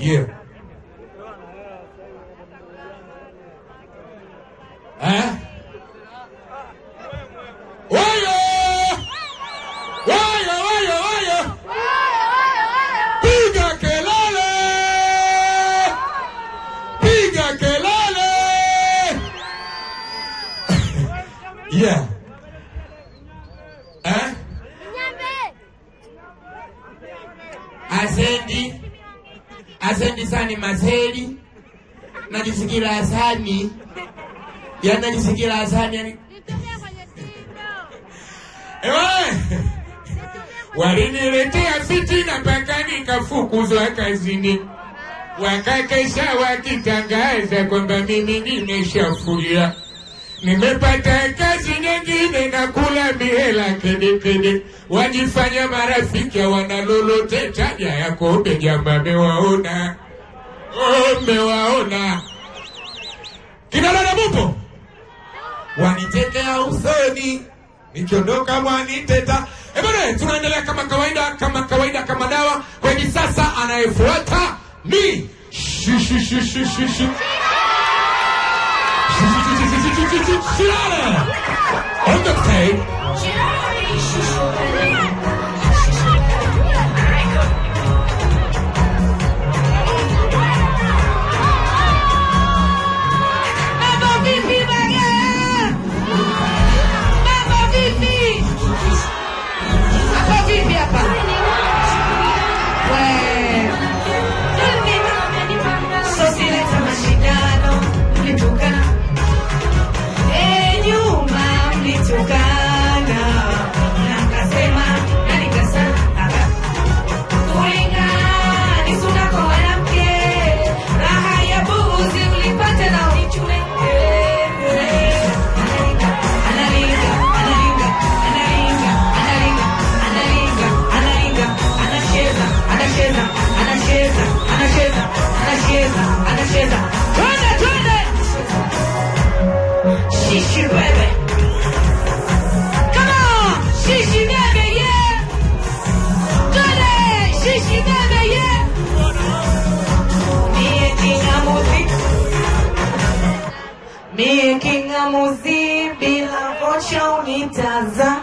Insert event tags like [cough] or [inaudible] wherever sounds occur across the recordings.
year. ¿Eh? ¡Oye! ¡Oye, vaya! vaya vaya que que [laughs] yeah. ¿Eh? Sani Mazeli najisikila Hasani, yani najisikila waliniletea fitina mpaka nikafukuzwa kazini, wakakesha wakitangaza kwamba mimi nimeshafulia, nimepata kazi nyingine na kula mihela kedekede. Wajifanya marafiki ya yakobe jamba mewaona Mmewaona kina dada mupo, wanitekea usoni, nikiondoka waniteta. Ebana, tunaendelea kama kawaida, kama kawaida, kama dawa kwenye. Sasa anayefuata ni Shilale maamuzi bila kocha unitaza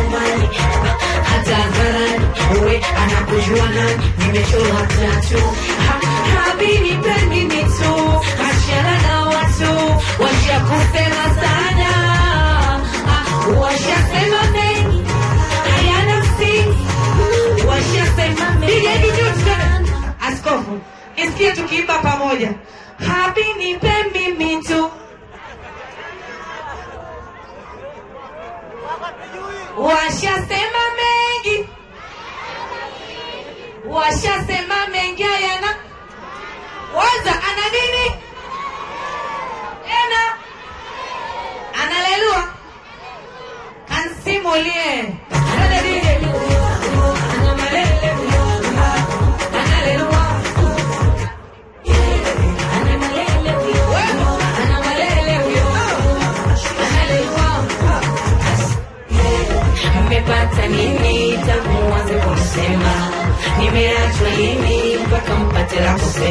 nyumbani hata hadharani, we anakujua nani? tatu tu na watu sana, washasema mengi hayana msingi, washasema mengi. Askofu, tukiimba pamoja, washasema mengi, washasema mengi haya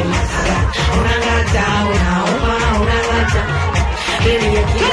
de más. Una gata, una oma, una gata. Baby, aquí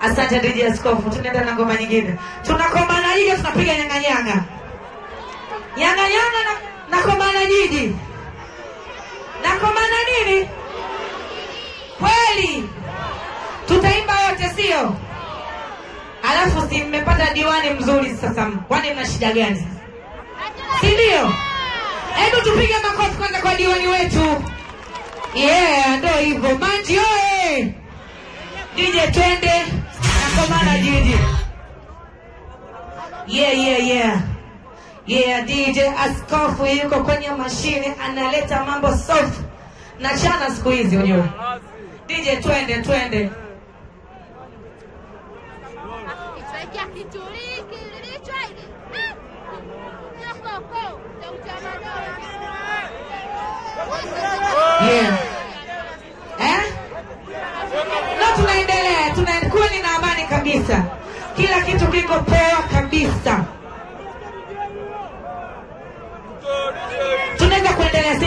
Asante DJ Askofu, tunaenda na ngoma nyingine. Tunakomana jiji, tunapiga nyang'anyanga nyang'anyanga na nakomana jiji, nakomana nini kweli. Tutaimba wote, sio? Alafu si mmepata diwani mzuri sasa, kwani mna shida gani si ndio? Hebu tupige makofi kwanza kwa diwani wetu. Yeah, ndio hivyo manji oye ije twende nakomana jiji. Yeah, yeah, yeah. Yeah, DJ Askofu yuko kwenye mashine analeta mambo soft na chana siku hizi unyo. DJ twende twende. Yeah. tunaendelea, tuna ni na amani kabisa, kila kitu kiko poa kabisa, tunaweza kuendelea, si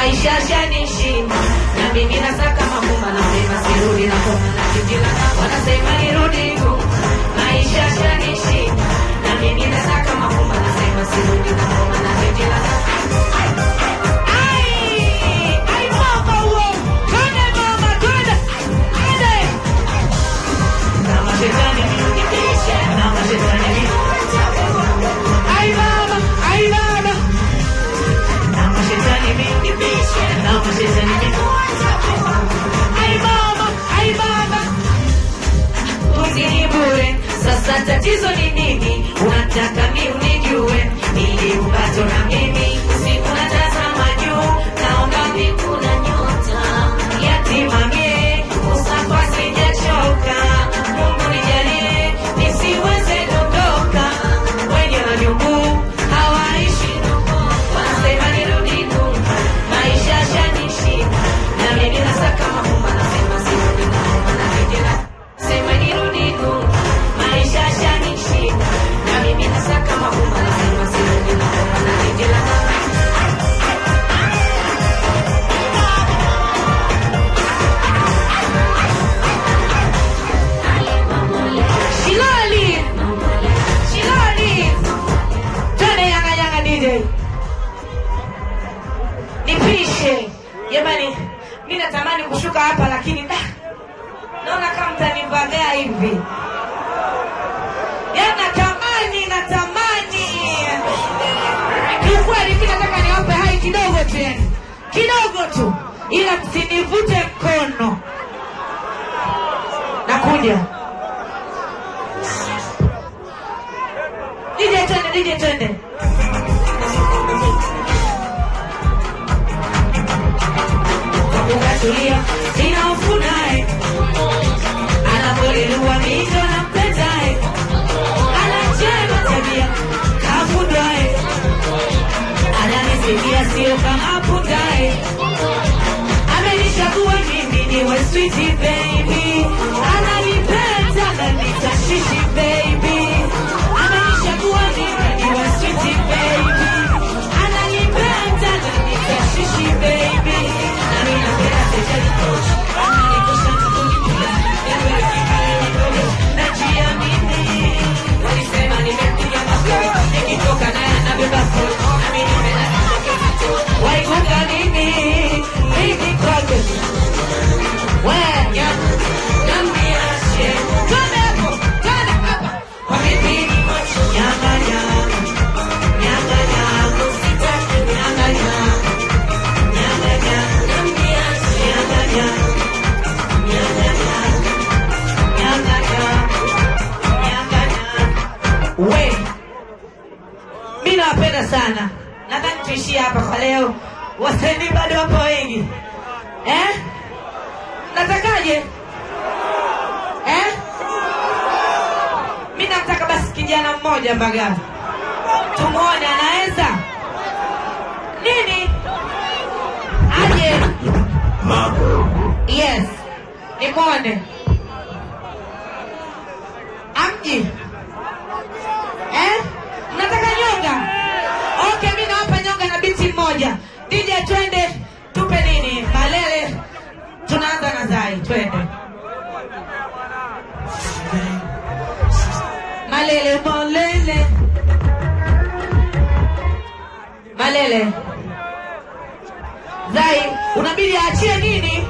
Maisha shanishinda na mimi nasaka mafumba na mbeba sirudi na koma na kijila wanasema nirudi huko. Maisha shanishinda na mimi nasaka mafumba na mbeba sirudi na koma na kijila Shetani, mrudikishe na mashetani Jamani, mi natamani kushuka hapa lakini da, naona kama mtanivagea hivi. Ya yaani natamani natamani, kiukweli mi nataka niwape hai kidogo tu, yani kidogo tu, ila sinivute mkono. Nakuja DJ, twende DJ, twende. natulia, sina hofu naye, anapolilua mito nampendaye, ana njema tabia kafundaye, ananisikia sio kama apundaye, amenichagua mimi niwe switi sana sana. Nadhani tuishie hapa kwa leo. Wasanii bado wapo wengi eh? Natakaje eh? Mi namtaka basi kijana mmoja mbaga tumwone anaweza nini, aje yes, nimwone amji moja. DJ, twende tupe nini malele. Tunaanza na Zai, twende malele molele malele. Zai unabidi achie nini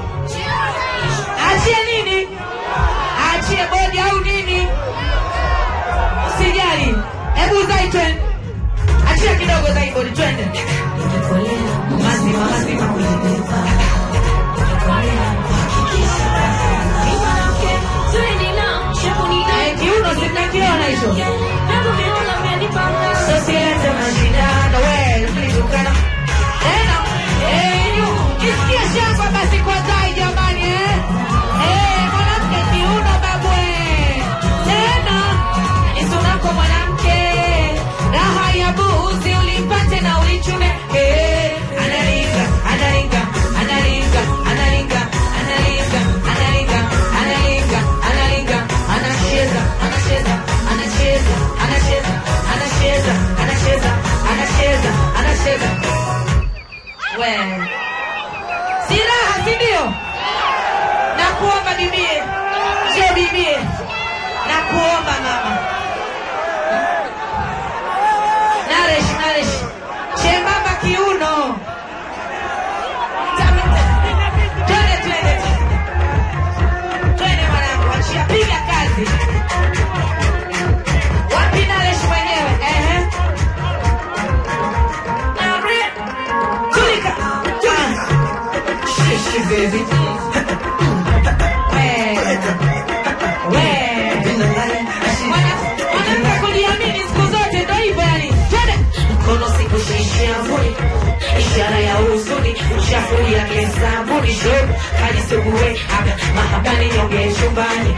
suya kesa buri jobu kalisuguwe aga mahabani nyonge chumbani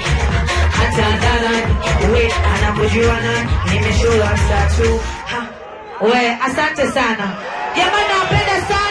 hata dalani we anakujua nani nimeshula msatu we asante sana jamani napenda sana